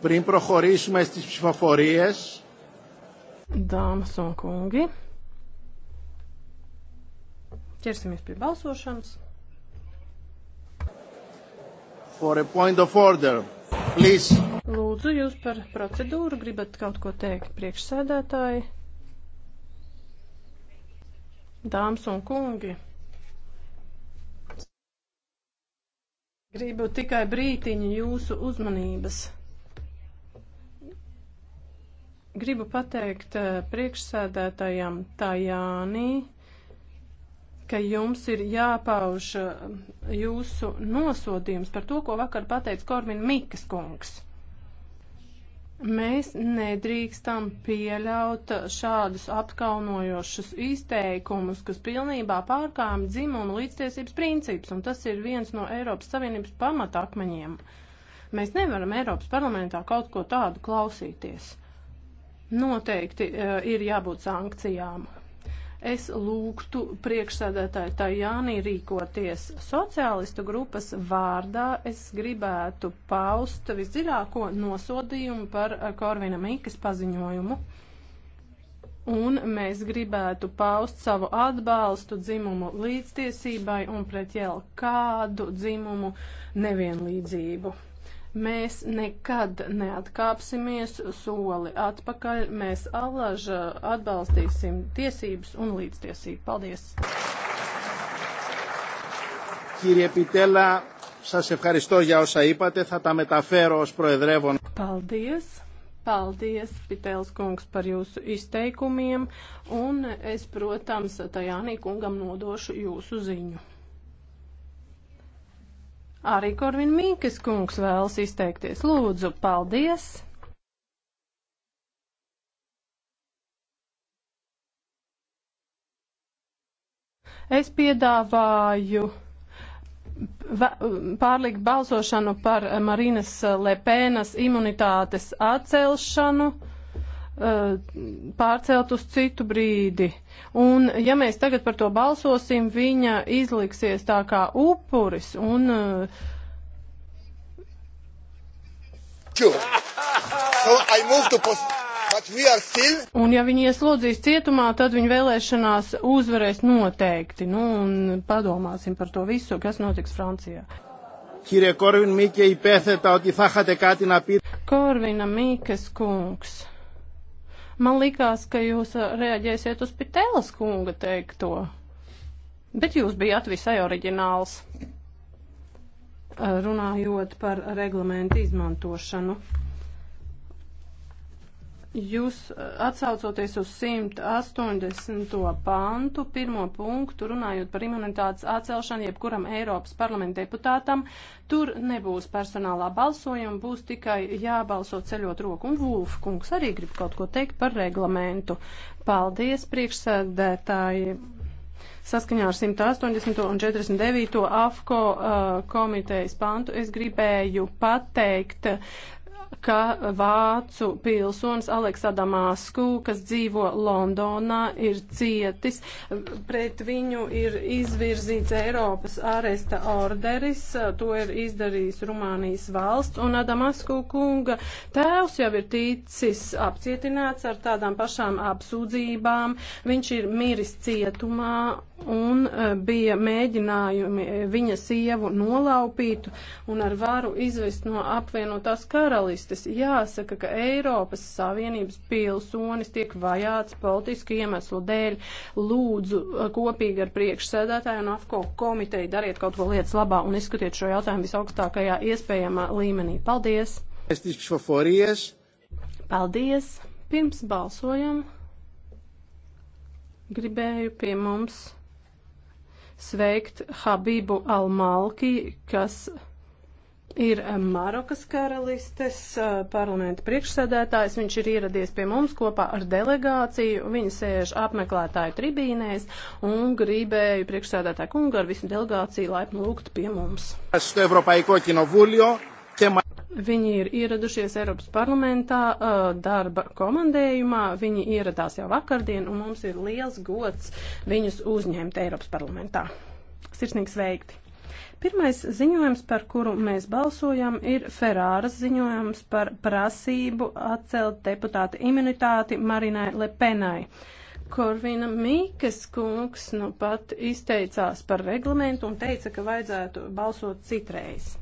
Πριν προχωρήσουμε στις ψηφοφορίες... Dāmas un kungi, ķersimies pie balsošanas. For a point of order, please. Lūdzu, jūs par procedūru gribat kaut ko teikt priekšsēdētāji. Dāmas un kungi, gribu tikai brītiņu jūsu uzmanības. Gribu pateikt eh, priekšsēdētājam Tajānī, ka jums ir jāpauž eh, jūsu nosodījums par to, ko vakar pateica Korvina Mikas kungs. Mēs nedrīkstam pieļaut šādus apkaunojošus izteikumus, kas pilnībā pārkāpj dzimumu līdztiesības principus, un tas ir viens no Eiropas Savienības pamatakmeņiem. Mēs nevaram Eiropas parlamentā kaut ko tādu klausīties. Noteikti eh, ir jābūt sankcijām. Es lūgtu priekšsēdētāju Tajānī rīkoties sociālistu grupas vārdā. Es gribētu paust visdziļāko nosodījumu par eh, Korvina Mīkas paziņojumu. Un mēs gribētu paust savu atbalstu dzimumu līdztiesībai un pret jau kādu dzimumu nevienlīdzību. Mēs nekad neatkāpsimies soli atpakaļ, mēs allaža atbalstīsim tiesības un līdztiesību. Paldies! Κύριε Πιτέλα, σας ευχαριστώ για όσα είπατε. Θα τα μεταφέρω ως Προεδρεύον. Paldies! Paldies, Pitēls kungs, par jūsu izteikumiem, un es, protams, Tajānī kungam nodošu jūsu ziņu. Arī Korvin Mīkes kungs vēlas izteikties. Lūdzu, paldies! Es piedāvāju pārlikt balsošanu par Marinas Lepēnas imunitātes atcelšanu. Uh, pārcelt uz citu brīdi. Un, ja mēs tagad par to balsosim, viņa izliksies tā kā upuris un. Uh, so still... Un ja viņi ieslodzīs cietumā, tad viņa vēlēšanās uzvarēs noteikti. Nu, un padomāsim par to visu, kas notiks Francijā. Kīrie Korvin Mīke, υπέθετα, ότι θα είχατε κάτι να πείτε. Korvina Mīkes kungs. Man likās, ka jūs uh, reaģēsiet uz Pitēlas kunga teikto, bet jūs bijat visai oriģināls uh, runājot par reglamentu izmantošanu. Jūs eh, atsaucoties uz 180. pantu, pirmo punktu, runājot par imunitātes atcelšanu jebkuram Eiropas parlamenta deputātam, tur nebūs personālā balsojuma, būs tikai jābalso ceļot roku. Un Vulfkungs arī grib kaut ko teikt par reglamentu. Paldies, priekšsēdētāji! Saskaņā ar 180. un 49. AFCO uh, komitejas pantu es gribēju pateikt, ka vācu pilsonis Aleksa Damasku, kas dzīvo Londonā, ir cietis. Pret viņu ir izvirzīts Eiropas āresta orderis, to ir izdarījis Rumānijas valsts, un Damasku kunga tēvs jau ir ticis apcietināts ar tādām pašām apsūdzībām. Viņš ir miris cietumā un e, bija mēģinājumi e, viņa sievu nolaupīt un ar varu izvest no apvienotās karalistes juristes jāsaka, ka Eiropas Savienības pilsonis tiek vajāts politisku iemeslu dēļ. Lūdzu, eh, kopīgi ar priekšsēdētāju un AFCO komiteju dariet kaut ko lietas labā un izskatiet šo jautājumu visaugstākajā iespējamā līmenī. Paldies! Paldies! Pirms balsojam, gribēju pie mums sveikt Habibu Almalki, kas ir eh, Marokas karalistes eh, parlamenta priekšsēdētājs. Viņš ir ieradies pie mums kopā ar delegāciju. Viņi sēž apmeklētāju tribīnēs un gribēju priekšsēdētāju kungu ar visu delegāciju laipni lūgt pie mums. Viņi ir ieradušies Eiropas parlamentā eh, darba komandējumā. Viņi ieradās jau vakardien un mums ir liels gods viņus uzņemt Eiropas parlamentā. Sirsnīgi sveikti! Pirmais ziņojums, par kuru mēs balsojam, ir Ferāras ziņojums par prasību atcelt deputāta imunitāti Marinai Lepenai. Korvina Mīkas kungs nu pat izteicās par reglamentu un teica, ka vajadzētu balsot citreiz.